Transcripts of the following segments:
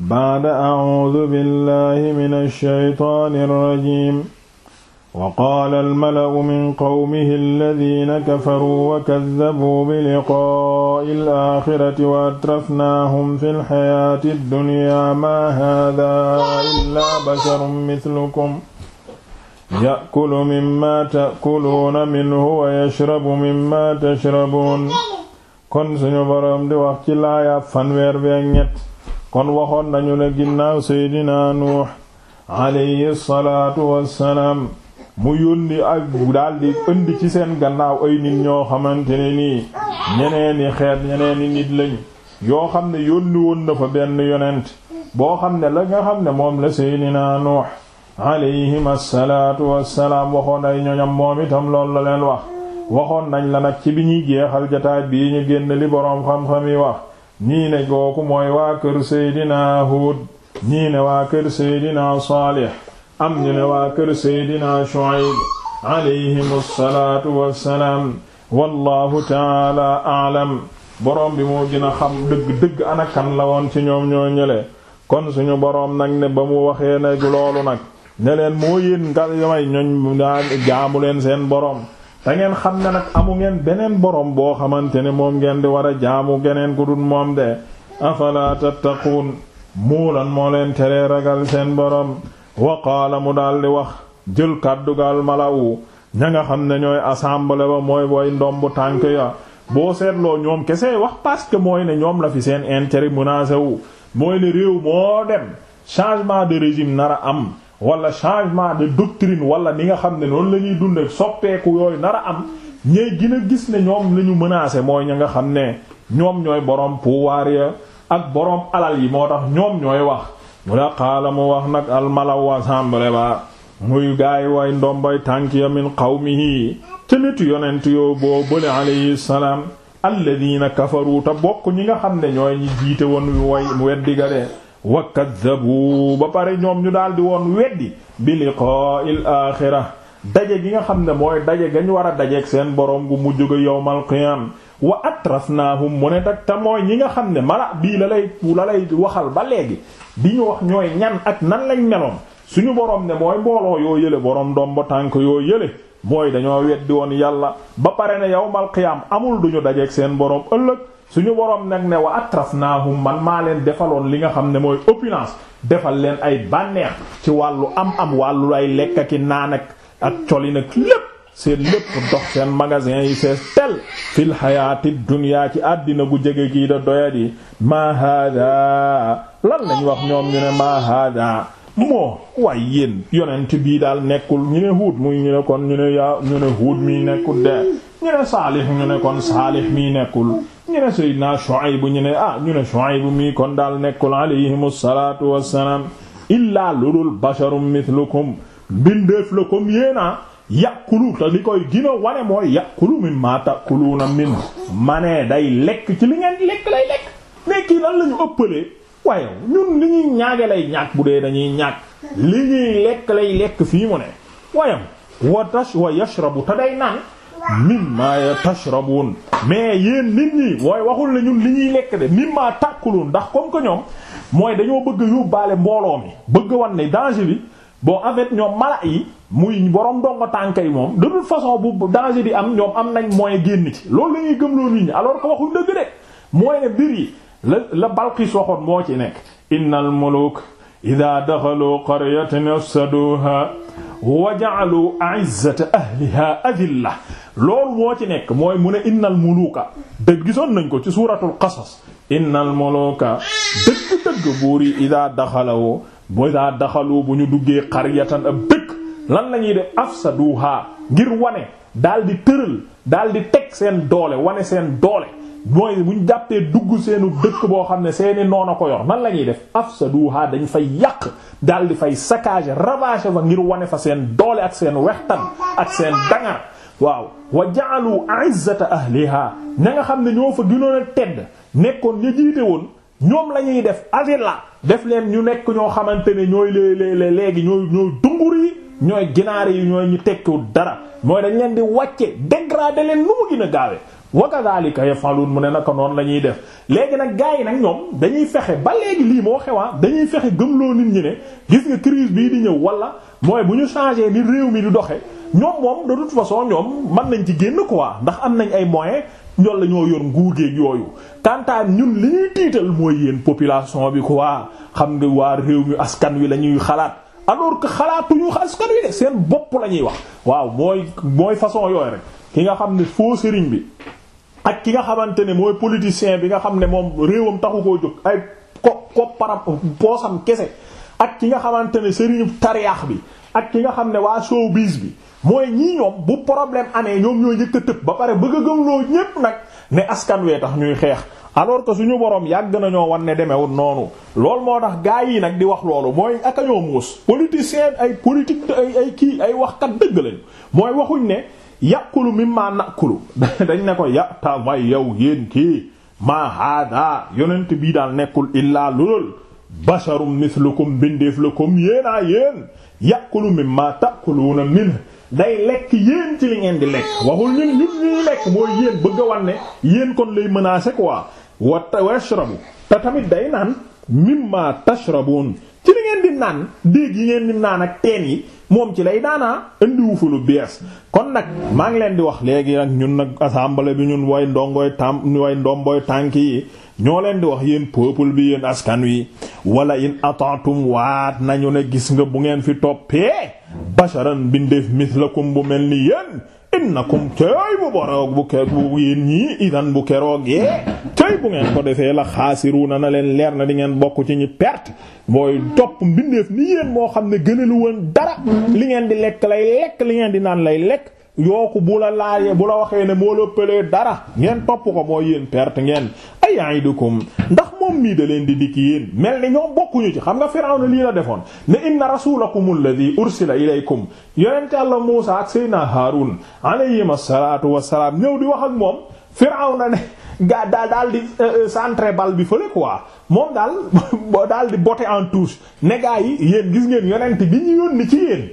baada acuudu billahi min alshaytaani alrajim wa qaala almala'u min qawmihi alladina kafaruu wa kaddabuu biliqaa'i alaaxirati wa atrafnaahum fi alxayaati addunyaa maa haadaa illaa basharun mislukum yakulu mimma taakuluuna minhu wa yashrabu mimma tashrabuun kon suñu boroom di wax ci laaya fanweer bi ak ñett kon waxoon nañu la ginnaaw seydinaa nuux alayhi salaatu wassalaam mu yónni ak daldi indi ci seen gannaaw ay nit ñoo xamante ne nii ñeneeni xeet ñeneeni nit lañ yoo xam ne yónni woon na fa benn yonent boo xam ne la nga xam ne moom la seydinaa nuux alayhim assalaatu wassalaam waxoon ay ñoñam moom itam loolu la leen wax waxoon nañ la nag ci bi ñuy geexal jataay bii ñu génn li boroom xam-xam yi wax ñii ne gooku mooy waa kër seydina Huud ñii ne waa kër seydina Saalih am ñu ne waa kër seydina Shuayb alayhim alsalaatu wassalaam wallahu taala aalam borom bi moo gën a xam dëgg-dëgg ana la woon ci ñoom ñoo ñële kon suñu borom nag ne ba mu waxee nag loolu nag ne leen moo yéen ngal may ñoñ jaamu leen seen boroom da ngeen xam ne nag amu ngeen beneen borom boo xamante ne moom ngeen di war a jaamu geneen ku dul moom de afala tattaquun muulan moo leen teree ragal seen borom wa qaala mu daldi wax jël kàddugaal malawu ña nga xam ne ñooy assemblée ba mooy woy ndombu tànk ya boo seetloo ñoom kese wax parce que mooy ne ñoom la fi seen intérêt menacé wu mooy ne réew moo dem changement de régime nar a am wala changement de doctrine wala ni nga xam ne noonu la ñuy dundee soppeeku yooyu nar a am ñay gën a gis ne ñoom la ñu menacé mooy ña nga xam ne ñoom ñooy borom pouvoir ya ak borom alal yi moo tax ñoom ñooy wax mu la xaala wax nag almalaw assemblée ba muy gaay way ndombay tànk ya min qawmihi ca nitu yonent yoo boo bële alayhi salaam alladina kafaru te bokk ñi nga xam ne ñooy ñi jiite woon way weddi ga de wa kaddabu ba pare ñoom ñu daal di woon weddi bi liqaa'il aaxira daje gi nga xam ne mooy daje gañ war a dajeeg seen borom gu mujj ga yawmal qiyaam wa atrafnaahum mu ne tak te mooy ñi nga xam ne mala bii la lay la lay waxal ba léegi di ñu wax ñooy ñan ak nan lañ meloon suñu borom ne mooy mbooloo yoo yële borom ba tànk yoo yële mooy dañoo weddi woon yàlla ba pare ne yawmal qiyaam amul duñu dajeeg seen borom ëllëg. suñu boroom nag ne wa atrafnaahum man maa leen defaloon li nga xam ne mooy opulence defal leen ay bànneex ci wàllu am am wàllu ay lekk ak naan ak ak coli nag lépp seen lépp dox seen magasin yi fees tel fil xayaati dunya ci àddina gu jege gii da doyat yi ma hada lan lañ wax ñoom ñu ne ma hada moo waaye yéen yonent bii daal nekkul ñu ne Huud muy ñu ne kon ñu ne yaa ñu ne Huud mi nekkul de ñu ne Saalih ñu ne kon Saalih mi nekkul ñu ne Seydina Shuayb ñu ne ah ñu ne Shuayb mi kon daal nekkul alayhimu salaatu wassalaam illaa ludul basharum mithlukum bindeef la comme yéena yàqulu te li koy gën a wane mooy yàqulu mimmaa taquluuna min ma ne day lekk ci li ngeen lekk lay lekk mais kii lan la waaye ñun li ñuy ñaage lay ñaag bu dee dañuy ñaag li ñuy lekk lay lekk fii mu ne wayam wa tash wa yashrabu te day naan mimma tashrabun mais yéen nit ñi mooy waxul ne ñun li ñuy lekk de mimma tàkkulun ndax comme que ñoom mooy dañoo bëgg yóbbaale mbooloo mi bëgg wan ne dange bi boo avec ñoom mala yi muy borom dongo tànk yi moom de façon bu danger bi am ñoom am nañ moyen génn ci loolu la ñuy gëm loolu nit ñi alors que waxuñ de mooy ne yi la la Balqiis moo ci nekk innal muluk ida daxalu qaryatan afsaduha wa ja'alu a'izzata ahliha adilla loolu moo ci nekk mooy mu ne innal muluka dëgg gisoon nañ ko ci suuratu qasas innal muluka dëgg-dëgg buur yi ida daxalawo bu daxalu bu ñu duggee qaryatan ab dëkk lan lañuy ñuy def afsaduha ngir wane daal di tëral daal di teg seen doole wane seen doole mooy buñ jàppee dugg seenu dëkk boo xam ne seeni noon a ko yor man la ñuy def afsaduha dañ fay yàq daal di fay saccager ravager fa ngir wane fa seen doole ak seen wextan ak seen dangar waaw wa ja'alu a'izzata ahliha ña nga xam ne ñoo fa gënoon tedd nekkoon ñu jiite woon ñoom la ñuy def azilla def leen ñu nekk ñoo xamante ne ñooy léeg-léeg léegi ñooy ñooy dungur yi ñooy ginaar yi ñooy ñu tekkiwul dara mooy dañ leen di wàcce dégrader leen lu mu gën gaawe wa kadhalika yafalun mu ne naka noonu la ñuy def léegi nag gars yi nag ñoom dañuy fexe ba léegi lii moo xewaa ah, dañuy fexe gëmloo nit ñi ne gis nga crise bii di ñëw wala mooy bu ñu changé ni réew mi di doxe ñoom moom de toute façon ñoom mën nañ ci génn quoi ndax am nañ ay moyens ñool la ñoo yor nguur geeg yooyu kantaan ñun li ñuy tiital mooy yéen population bi ko waa xam nga waa réew mi askan wi la ñuy xalaat alors que xalaatuñu askan wi de seen bopp la ñuy wax waaw mooy mooy façon yooyu rek ki nga xam ne foo sëriñ bi ak ki nga xamante ne mooy politicien bi nga xam ne moom réewam taxu koo jóg ay ko ko para poosam kese ak ki nga xamante ne sëriñu tariyaax bi ak ki nga xam ne waa showbiz bi mooy ñii ñoom bu problème amee ñoom ñoo njëkk a tëb ba pare bëgg a gëmloo ñépp nag ne askan wee tax ñuy xeex alors que suñu borom yàgg nañoo wan ne demewul noonu lool moo tax gaa yi nag di wax loolu mooy ak a ñoo muus politicien ay politique ay ay kii ay waxkat dëgg lañu mooy waxuñ ne. yàqulu mimma naqulu dañ ne ko ya tavay yow yéen ma hada bii daal nekkul illaa lulul basharum mislukum bindeef la comme yéenaa yéen mimma taquluna day lekk yéen ci li ngeen di lekk waxul ñun ñun ñuy lekk mooy yéen bëgg a wan ne yéen kon lay menacer quoi wa washrabu te tamit day naan mimma tashrabun ci li ngeen di naan déeg yi ngeen di naan ak teen yi moom ci lay daanaa indiwu fu lu bees kon nag maa ngi leen di wax léegi nag ñun nag assemblée bi ñun way ndongoy tam way ndomboy tànk yi ñoo leen di wax yéen peuple bi yéen askan wi wala in ataatum waat nañu ne gis nga bu ngeen fi toppee basharan bindeef mislakum bu mel ni yéen innakum tey bu boroog bu keroog bu yéen ñii idan bu keroog yee mooy ngeen ko defee la xaasiruuna na leen leer na di ngeen bokku ci ñi pert mooy topp mbindeef ni yéen moo xam ne gënalu woon dara li ngeen di lekk lay lekk li ngeen di naan lay lekk yooku bu la laajee bu la waxee ne moo la pëlee dara ngeen topp ko mooy yéen perte ngeen ay ayaidukum ndax moom mii da leen di dikk yéen mel ni ñoom bokkuñu ci xam nga Firawna lii la defoon ne inna rasulakum alladhi ursila ilaykum yonent Yàlla Muusa ak Seydina Haarun alayhim assalatu wassalam ñëw di wax ak moom Firawna ne gaa daal daal di euh, euh, centré bal bi fële quoi moom daal boo daal di botter en touche ne gaa yi yéen gis ngeen yonent bi ñu yónni ci yéen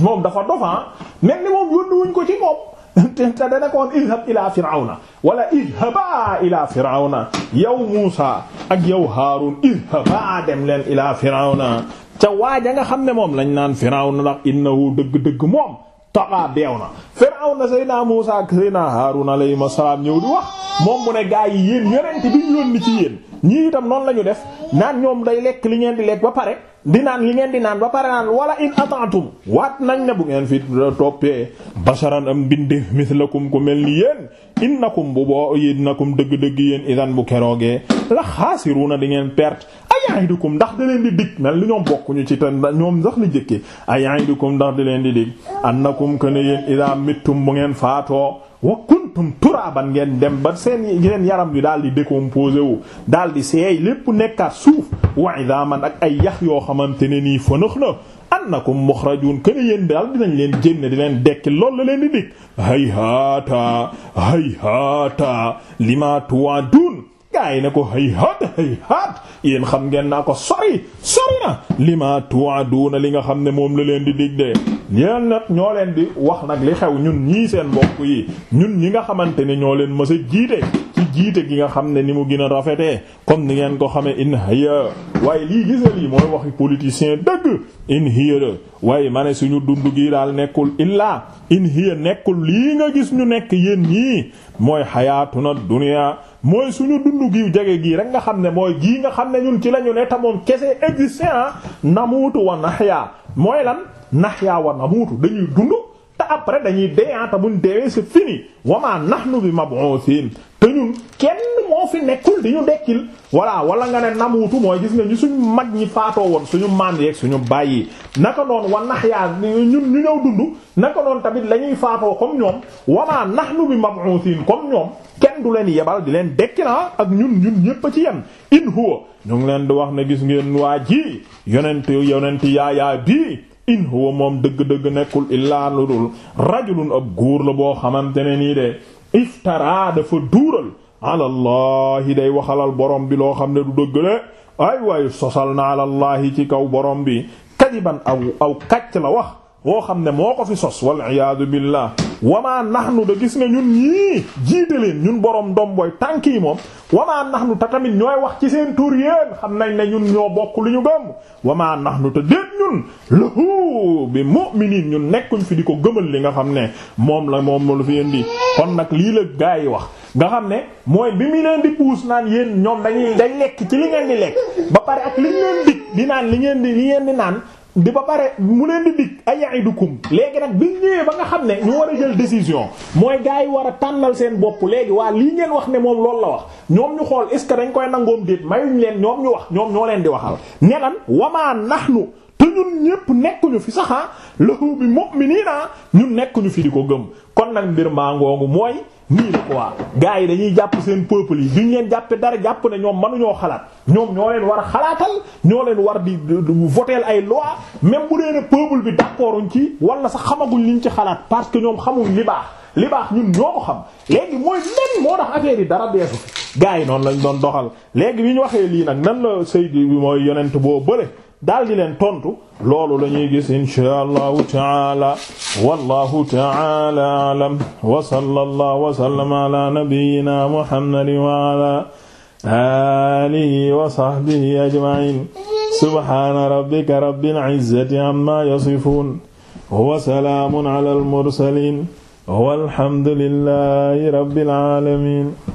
moom dafa dofan ah. mel ni moom yónni wuñ ko ci moom te dana ko woon idhab ila firawna wala idhaba ila firawna yow Muusa ak yow Haarun idhaba dem leen ila firawna ca waaja nga xam ne moom lañ naan firawna ndax innahu dëgg-dëgg moom taxaa beew na na Firawna Seydina Muusaa ak Seydina Haaruna alayhima salaam ñëw di wax moom mu ne gaa yi yéen yonent bi ñu yónni ci yéen ñii itam noonu la ñu def naan ñoom day lekk li ngeen di lekk ba pare di naan li ngeen di naan ba pare naan wala in ataatum waat nañ ne bu ngeen fi toppee basharan am bindéef mislakum ku mel ni yéen innakum bu boo yéen nakum dëgg-dëgg yéen idan bu keroogee la xaasiruuna di ngeen pert ayaidukum ndax da leen di dig mel li ñoom bokkuñu ci te ñoom sax li jëkkee ayaidukum ndax da leen di dig annakum kana yéen idaa mittum bu ngeen faatoo wa kuntum turaban ngeen dem ba seen seen yaram yu daal di décomposé wu daal di seey lépp nekkaat suuf wa idaman ak ay yax yoo xamante ne nii fënax na annakum mukhrajun kene yéen daal dinañ leen jénne di leen dekki loolu la leen di dig hayhaata hayhaata lima tu'adun gaa yi ne ko hay hat hay yéen xam ngeen naa ko sori sori na li ma li nga xam ne moom la leen di dig de yéen nag ñoo leen di wax nag li xew ñun ñii seen mbokk yi ñun ñi nga xamante ne ñoo leen mës a jiite jiite gi nga xam ne ni mu gën a rafetee comme ni ngeen ko xamee in hiya waaye lii gisal yi mooy waxi politicien dëgg in hiya la waaye ma ne suñu dund gi daal nekkul illa in nekkul lii nga gis ñu nekk yéen ñii mooy xayaatu na dunya mooy suñu dund gi jege gii rek nga xam ne mooy gii nga xam ne ñun ci lañu ne ta moom kese existant ah. namuutu wa naxyaa mooy lan naxyaa wa namuutu dañuy dund après dañuy deyaata ah, buñ deewee c'est fini wama nahnu bi mab'uthin te ñun kenn moo fi nekkul di ñu dekkil voilà wala nga ne namuutu mooy gis nga ñu suñu mag ñi faatoo woon suñu maam yeek suñu bàyyi naka noonu wa nax yaa ñun ñu ñëw dund naka noonu tamit lañuy ñuy faatoo comme ñoom wama nahnu bi mab'uthin comme ñoom kenn du leen yebal di leen dekki na ah, ak ñun ñun ñépp ci yem in huwa ñu ngi leen di wax na gis ngeen waa ji yonent yonent yaayaa bii in huwa moom dëgg-dëgg nekkul illaa lu dul rajulun ab góor la boo xamante ne nii de iftara dafa duural alallahi day waxalal borom bi loo xam ne du dëgg de ay waay sosal na ci kaw borom bi kadiban aw aw la wax woo xam ne moo ko fi sos wal iyaadu billah wamaa naxnu da gis nga ñun ñii jiite leen ñun borom ndomboy tànk yi moom wamaa naxnu te tamit ñooy wax ci seen tur yéen xam nañ ne ñun ñoo bokk lu ñu gëm wamaa naxnu te déet ñun lahu bi mu'miniin ñun nekkuñ fi di ko gëmal li nga xam ne moom la moom lu fi indi kon nag lii la gaa yi wax nga xam ne mooy bi mu leen di puus naan yéen ñoom dañuy dañ lekk ci li ngeen di lekk ba pare ak li ngeen di di naan li ngeen di li ngeen di naan di ba pare mu leen di dig ayaidukum léegi nag biñ ñëwee ba nga xam ne ñu war a jël décision mooy gars yi war a tànnal seen bopp léegi waa lii ngeen wax ne moom loolu la wax ñoom ñu xool est ce que dañ koy nangoom déet mayuñ leen ñoom ñu wax ñoom ñoo leen di waxal ne lan wamaa nahnu te ñun ñépp nekkuñu fi sax ah, lahu bi mu'minina ñun nekkuñu fi di ko gëm kon nag mbir maa ngoogu mooy nii la quoi gars yi dañuy jàpp seen peuples yi duñ leen jàppe dara jàpp ne ñoom mënuñoo xalaat ñoom ñoo leen war a xalaatal ñoo leen war di voter ay loi même bu dee ne peuple bi d'accorduñ ci wala sax xamaguñ liñ ci xalaat parce que ñoom xamuñ li baax li baax ñun ñoo ko xam léegi mooy même moo tax affaire yi dara beesu fi gars yi noonu lañ doon doxal léegi bi ñu waxee lii nag nan la Seydou bi mooy yeneent boo bëre daal di leen tontu loolu la ñuy gis inshaa allahu taala wallahu taala alam wa sallallahu wa sallama ala nabiyyina muhammadin wa ala alihi wa sahbihi ajma'in subhana rabbika rabbil izzati amma yasifun wa salaamun ala al mursalin walhamdulillahi rabbil alamin